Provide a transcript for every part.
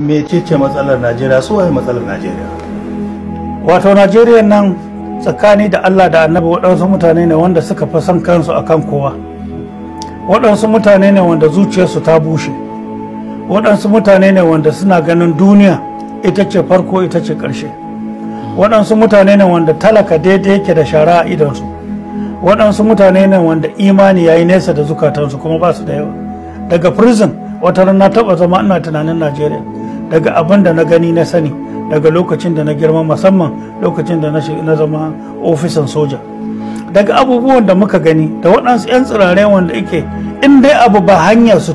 mecece matsalar najeriya su waye matsalar najeriya wato najeriya nan tsakani da allah da annabi waɗansu mutane ne wanda suka fi son kansu akan kowa waɗansu mutane ne wanda zuciyarsu ta bushe waɗansu mutane ne wanda suna ganin duniya ita ce farko ita ce ƙarshe waɗansu mutane ne wanda talaka daidai yake da shara a idansu waɗansu mutane ne wanda imani ya yi nesa da zukatansu kuma ba su da yawa daga prison wata na taɓa zama ina tunanin najeriya daga abin da na gani na sani daga lokacin da na girma musamman lokacin da na zama ofisan soja daga abubuwan da muka gani da waɗansu 'yan tsirare wanda ike in dai abu ba hanyar su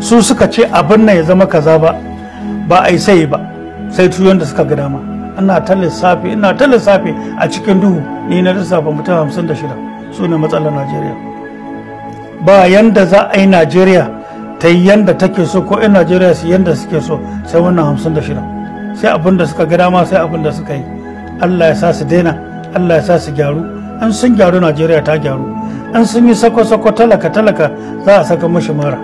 su suka ce abin nan ya zama kaza ba ba a yi sai ba sai tuyon da suka ga dama ina ta lissafi ina ta lissafi a cikin duhu ni na lissafa mutum hamsin da shida su ne matsalar najeriya ba yanda za a yi najeriya ta yi yanda take so ko 'yan najeriya su yanda suke so sai wannan hamsin da shida sai abin da suka ga dama sai abin da suka yi allah ya sa su daina allah ya sa su gyaru an sun gyaru najeriya ta gyaru an sun yi sako-sako talaka-talaka za a saka mashi mara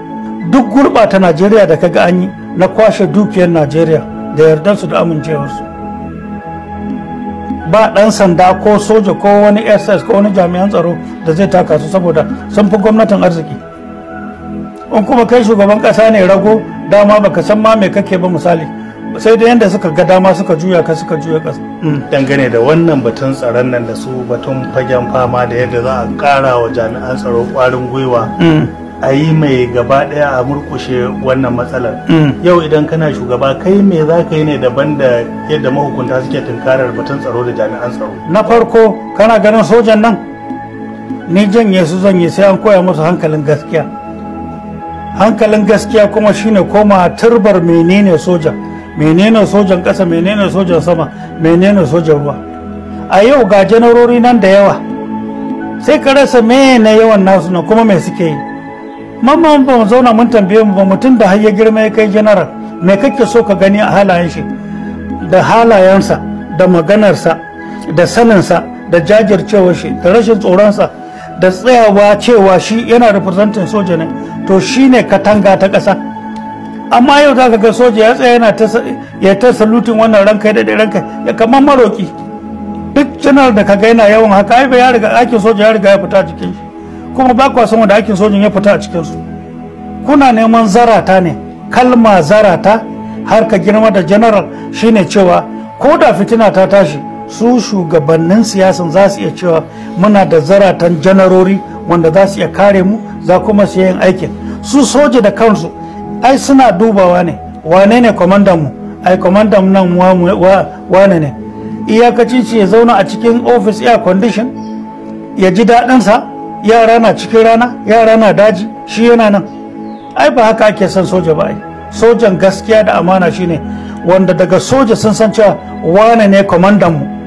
duk gurɓata najeriya da kaga an yi na kwashe dukiyar najeriya da su da amincewarsu ba ɗan sanda ko soja ko wani ss ko wani jami'an tsaro da zai taka su saboda sun fi gwamnatin arziki in kuma kai shugaban kasa ne rago dama baka san ma me kake ba misali sai da yanda suka ga dama suka juya ka suka juya ka mm. dangane da wannan batun tsaron nan da su batun fagen fama da yadda za a kara wa jami'an tsaro kwarin gwiwa mm. a yi mai gaba daya a murkushe wannan matsalar mm. yau idan kana shugaba kai me za ka yi ne daban da yadda mahukunta suke tunkarar batun tsaro da jami'an tsaro na farko kana ganin sojan nan ni janye su yi sai an koya musu hankalin gaskiya hankalin gaskiya kuma shine koma turbar menene soja menene sojan ƙasa menene sojan sama menene sojan ruwa a yau ga janarori nan da yawa sai ka rasa meye na yawan nasu na kuma mai suke yi mamman ba mu zauna mun tambaye mu ba mutum da har ya girma ya kai janaral me kake so ka gani a halayen shi da halayensa da maganarsa da saninsa da jajircewar shi da rashin tsoronsa da tsayawa cewa shi yana representing soja ne to shine katanga ta ƙasa amma yau za ka ga soja ya tsaya ya ta salutin wannan ranka da ranka ya kamar maroki duk janar da ka ga yana yawan haka ai ya riga aikin soja ya riga ya fita a cikin shi kuma ba kwa san wanda aikin sojin ya fita a cikin su kuna neman zarata ne kalma zarata har ka girma da general shine cewa ko da fitina ta tashi su shugabannin siyasan za su iya cewa muna da zaratan janarori wanda za su iya kare mu za kuma su yin aikin su soja da kansu ai suna dubawa ne wane ne kwamandan mu ai kwamandan nan wane ne iyakacin shi ya zauna a cikin ofis air condition ya ji daɗinsa yara na cikin rana yara na daji shi yana nan ai ba haka ake son soja ba ai sojan gaskiya da amana shine wanda daga soja sun san cewa wane ne kwamandan mu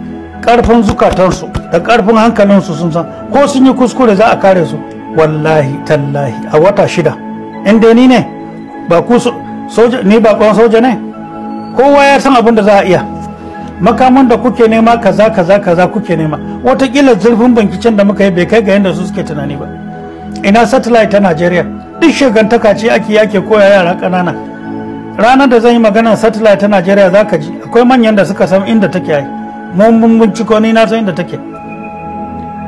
karfin zukatansu da karfin hankalinsu sun san ko sun yi kuskure za a kare su wallahi tallahi a wata shida in dai ni ne ba ku soja ni ba kwan soja ne kowa ya san abin da za a iya makaman da kuke nema kaza kaza kaza kuke nema watakila zurfin bankicin da muka yi bai kai ga yadda su suke tunani ba ina satellite ta Najeriya duk shigantaka ce ake yake koya yara ƙanana ranar da zan yi maganar satellite ta Najeriya za ka ji akwai manyan da suka san inda take yi mun binciko ni na san inda take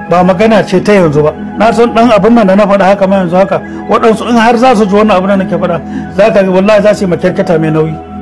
ba magana ce ta yanzu ba na san dan abin nan da na faɗa haka ma yanzu haka waɗansu in har za su ji wannan abin da nake faɗa za ka wallahi za su yi makyarkata mai nauyi